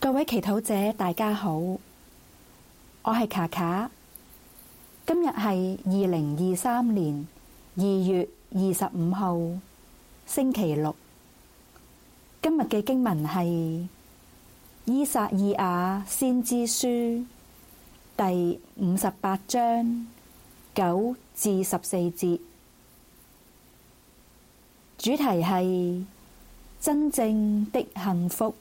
各位祈禱者，大家好，我係卡卡。今日係二零二三年二月二十五號，星期六。今日嘅經文係《依撒意亞先知書》第五十八章九至十四節，主題係真正的幸福。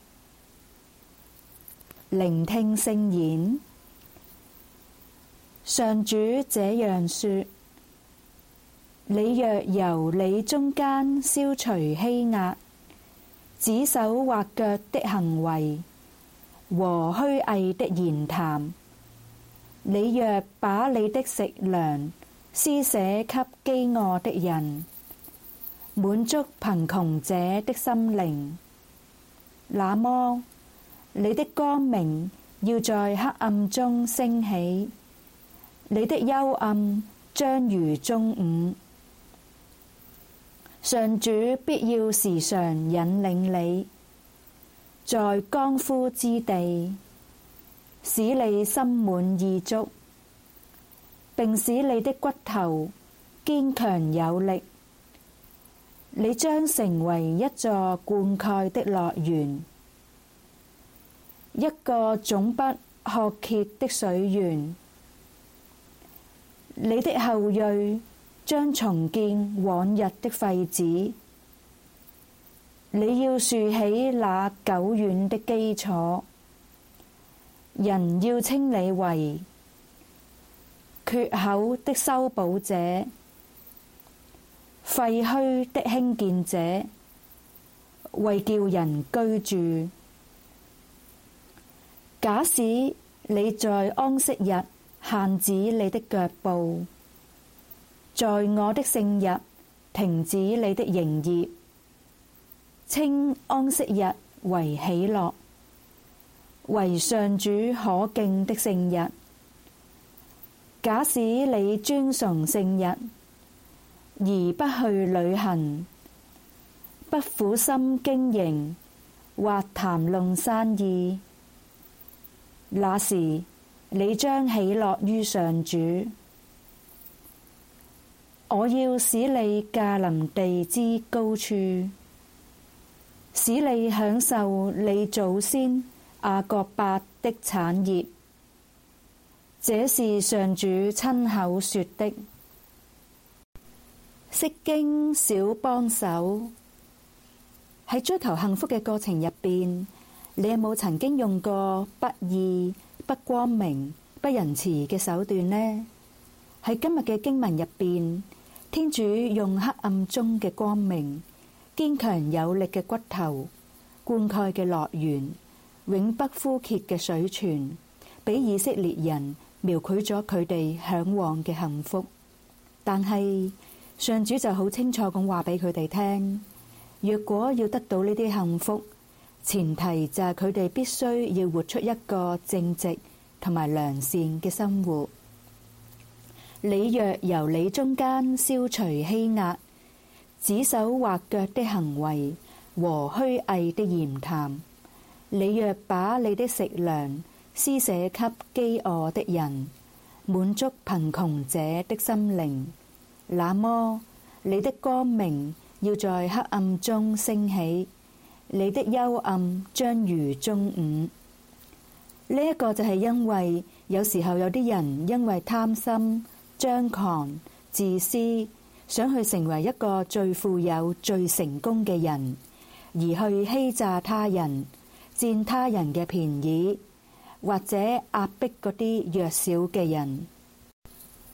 聆聽聖言，上主這樣說：你若由你中間消除欺壓、指手畫腳的行為和虛偽的言談，你若把你的食糧施捨給飢餓的人，滿足貧窮者的心靈，那麼。你的光明要在黑暗中升起，你的幽暗將如中午。上主必要時常引領你，在乾枯之地，使你心滿意足，並使你的骨頭堅強有力。你將成為一座灌溉的樂園。一個總不涸竭的水源，你的後裔將重建往日的廢址。你要豎起那久遠的基礎，人要稱你為缺口的修補者、廢墟的興建者，為叫人居住。假使你在安息日限止你的腳步，在我的聖日停止你的營業，稱安息日為喜樂，為上主可敬的聖日。假使你尊崇聖日，而不去旅行，不苦心經營或談論生意。那時，你將喜樂於上主。我要使你駕臨地之高處，使你享受你祖先雅各伯的產業。這是上主親口說的。釋經小幫手，喺追求幸福嘅過程入邊。你有冇曾經用過不義、不光明、不仁慈嘅手段呢？喺今日嘅經文入邊，天主用黑暗中嘅光明、堅強有力嘅骨頭、灌溉嘅樂園、永不枯竭嘅水泉，俾以色列人描繪咗佢哋嚮往嘅幸福。但係上主就好清楚咁話俾佢哋聽：若果要得到呢啲幸福，前提就係佢哋必須要活出一個正直同埋良善嘅生活。你若由你中間消除欺壓、指手畫腳的行為和虛偽的言談，你若把你的食糧施捨給飢餓的人，滿足貧窮者的心靈，那麼你的光明要在黑暗中升起。你的幽暗將如中午。呢一個就係因為有時候有啲人因為貪心、張狂、自私，想去成為一個最富有、最成功嘅人，而去欺詐他人、佔他人嘅便宜，或者壓迫嗰啲弱小嘅人。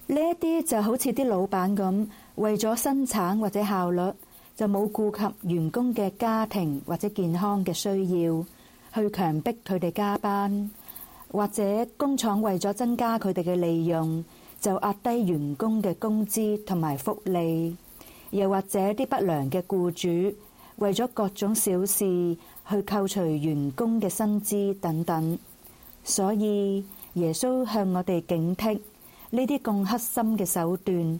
呢一啲就好似啲老闆咁，為咗生產或者效率，就冇顧及員工嘅家庭或者健康嘅需要，去強迫佢哋加班，或者工廠為咗增加佢哋嘅利潤，就壓低員工嘅工資同埋福利，又或者啲不良嘅僱主為咗各種小事去扣除員工嘅薪資等等。所以耶穌向我哋警惕呢啲咁黑心嘅手段。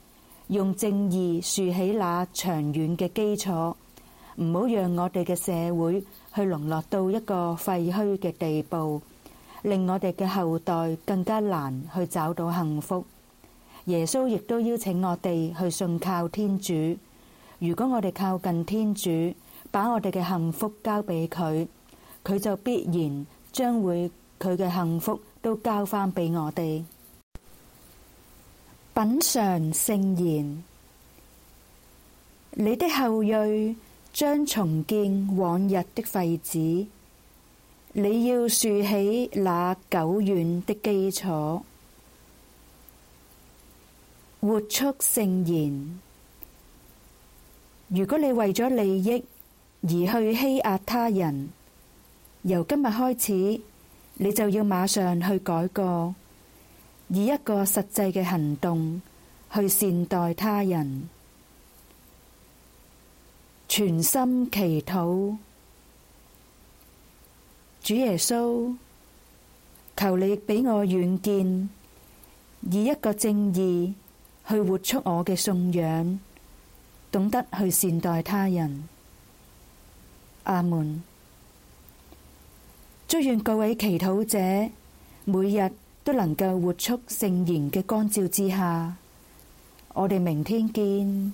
用正義豎起那長遠嘅基礎，唔好讓我哋嘅社會去淪落到一個廢墟嘅地步，令我哋嘅後代更加難去找到幸福。耶穌亦都邀請我哋去信靠天主。如果我哋靠近天主，把我哋嘅幸福交俾佢，佢就必然將會佢嘅幸福都交翻俾我哋。品嚐聖言，你的後裔將重建往日的廢址。你要豎起那久遠的基礎，活出聖言。如果你為咗利益而去欺壓他人，由今日開始，你就要馬上去改過。以一個實際嘅行動去善待他人。全心祈禱，主耶穌，求你俾我遠見，以一個正義去活出我嘅信仰，懂得去善待他人。阿門。祝願各位祈禱者每日都能夠活出聖言嘅光照之下，我哋明天見。